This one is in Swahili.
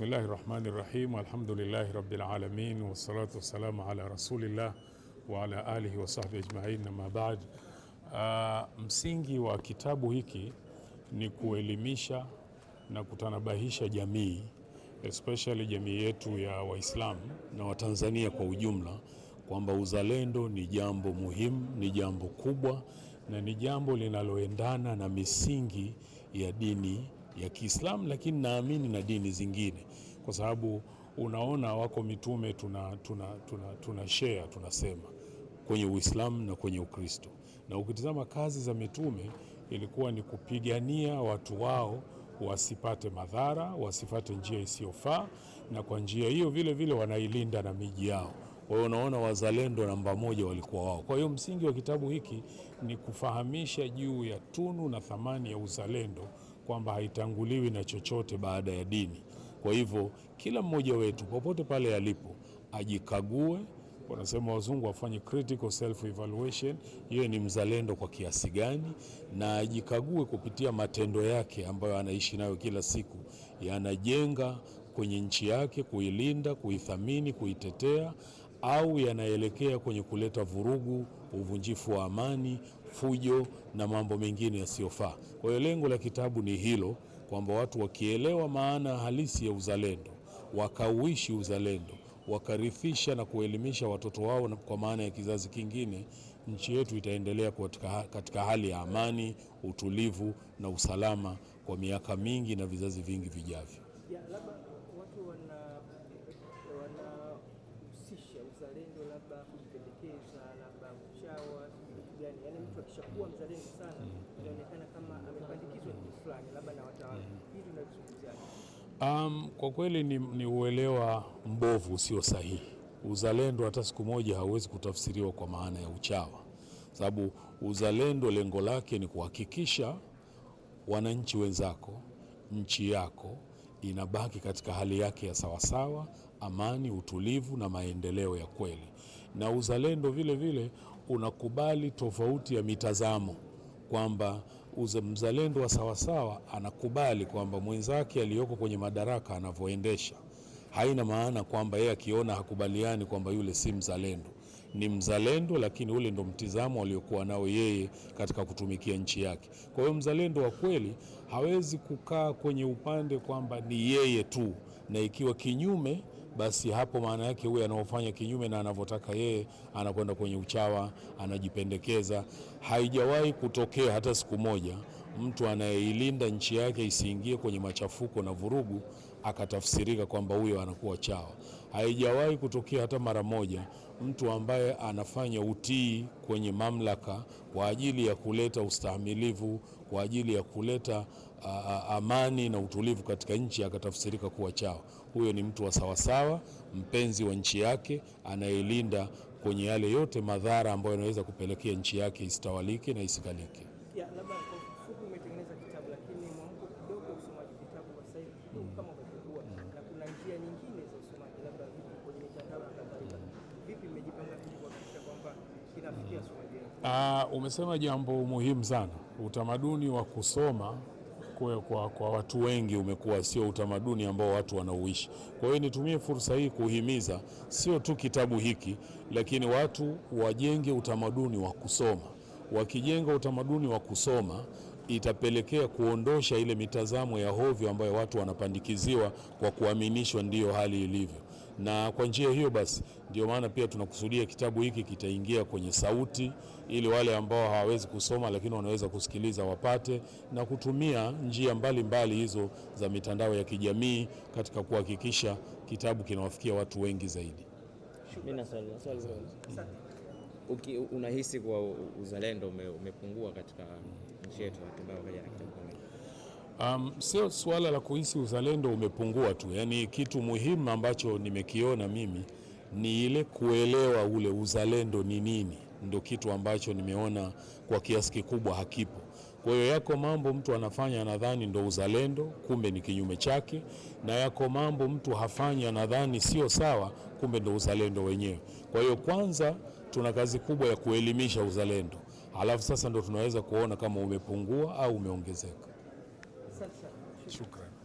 Bismillahi rahmani rahim, alhamdulillahi rabbil alamin, wassalatu wassalamu ala rasulillah wa alihi wa ajmain, na Uh, ah, msingi wa kitabu hiki ni kuelimisha na kutanabahisha jamii especially jamii yetu ya Waislamu na Watanzania kwa ujumla kwamba uzalendo ni jambo muhimu, ni jambo kubwa na ni jambo linaloendana na misingi ya dini ya Kiislamu, lakini naamini na dini zingine, kwa sababu unaona wako mitume tuna, tuna, tuna, tuna share tunasema kwenye Uislamu na kwenye Ukristo, na ukitizama kazi za mitume ilikuwa ni kupigania watu wao wasipate madhara, wasipate njia isiyofaa, na kwa njia hiyo vile vile wanailinda na miji yao. Kwa hiyo unaona wazalendo namba moja walikuwa wao. Kwa hiyo msingi wa kitabu hiki ni kufahamisha juu ya tunu na thamani ya uzalendo kwamba haitanguliwi na chochote baada ya dini. Kwa hivyo kila mmoja wetu popote pale alipo ajikague, wanasema wazungu afanye critical self evaluation, yeye ni mzalendo kwa kiasi gani, na ajikague kupitia matendo yake ambayo anaishi nayo kila siku, yanajenga kwenye nchi yake, kuilinda, kuithamini, kuitetea au yanaelekea kwenye kuleta vurugu, uvunjifu wa amani, fujo na mambo mengine yasiyofaa. Kwa hiyo lengo la kitabu ni hilo, kwamba watu wakielewa maana halisi ya uzalendo, wakauishi uzalendo, wakarithisha na kuelimisha watoto wao, kwa maana ya kizazi kingine, nchi yetu itaendelea katika, katika hali ya amani, utulivu na usalama kwa miaka mingi na vizazi vingi vijavyo. labda kujipendekeza, labda kuchawa, kitu gani. Yani mtu akishakuwa mzalendo sana mm. inaonekana kama amepandikizwa kitu fulani, labda na watawala. Mm. Hii tunazungumziaje? Um, kwa kweli ni, ni uelewa mbovu usio sahihi. Uzalendo hata siku moja hauwezi kutafsiriwa kwa maana ya uchawa, sababu uzalendo lengo lake ni kuhakikisha wananchi wenzako, nchi yako inabaki katika hali yake ya sawasawa, amani, utulivu na maendeleo ya kweli na uzalendo vile vile unakubali tofauti ya mitazamo, kwamba mzalendo wa sawasawa anakubali kwamba mwenzake aliyoko kwenye madaraka anavyoendesha. Haina maana kwamba yeye akiona hakubaliani kwamba yule si mzalendo. Ni mzalendo, lakini ule ndo mtizamo aliokuwa nao yeye katika kutumikia nchi yake. Kwa hiyo mzalendo wa kweli hawezi kukaa kwenye upande kwamba ni yeye tu, na ikiwa kinyume basi hapo maana yake huyo anaofanya kinyume na anavyotaka yeye anakwenda kwenye uchawa, anajipendekeza. Haijawahi kutokea hata siku moja mtu anayeilinda nchi yake isiingie kwenye machafuko na vurugu akatafsirika kwamba huyo anakuwa chawa. Haijawahi kutokea hata mara moja mtu ambaye anafanya utii kwenye mamlaka kwa ajili ya kuleta ustahimilivu, kwa ajili ya kuleta a, amani na utulivu katika nchi akatafsirika kuwa chawa. Huyo ni mtu wa sawasawa, mpenzi wa nchi yake, anayelinda kwenye yale yote madhara ambayo yanaweza kupelekea nchi yake isitawalike na isikalike maji labda kwenye na kadhalika. Vipi mmejipanga kuhakikisha kwamba kinafikia Ah, umesema jambo muhimu sana. Utamaduni wa kusoma kwa, kwa, kwa watu wengi umekuwa sio utamaduni ambao watu wanauishi. Kwa hiyo nitumie fursa hii kuhimiza sio tu kitabu hiki, lakini watu wajenge utamaduni wa kusoma. Wakijenga utamaduni wa kusoma itapelekea kuondosha ile mitazamo ya hovyo ambayo watu wanapandikiziwa kwa kuaminishwa ndiyo hali ilivyo. Na kwa njia hiyo basi, ndio maana pia tunakusudia kitabu hiki kitaingia kwenye sauti, ili wale ambao hawawezi kusoma lakini wanaweza kusikiliza wapate, na kutumia njia mbalimbali mbali hizo za mitandao ya kijamii katika kuhakikisha kitabu kinawafikia watu wengi zaidi uki, unahisi kuwa uzalendo umepungua katika nchi yetu Um, sio suala la kuhisi uzalendo umepungua tu, yaani kitu muhimu ambacho nimekiona mimi ni ile kuelewa ule uzalendo ni nini, ndo kitu ambacho nimeona kwa kiasi kikubwa hakipo. Kwa hiyo yako mambo mtu anafanya nadhani ndo uzalendo, kumbe ni kinyume chake, na yako mambo mtu hafanya anadhani sio sawa, kumbe ndo uzalendo wenyewe. Kwa hiyo kwanza tuna kazi kubwa ya kuelimisha uzalendo, alafu sasa ndo tunaweza kuona kama umepungua au umeongezeka. Shukrani.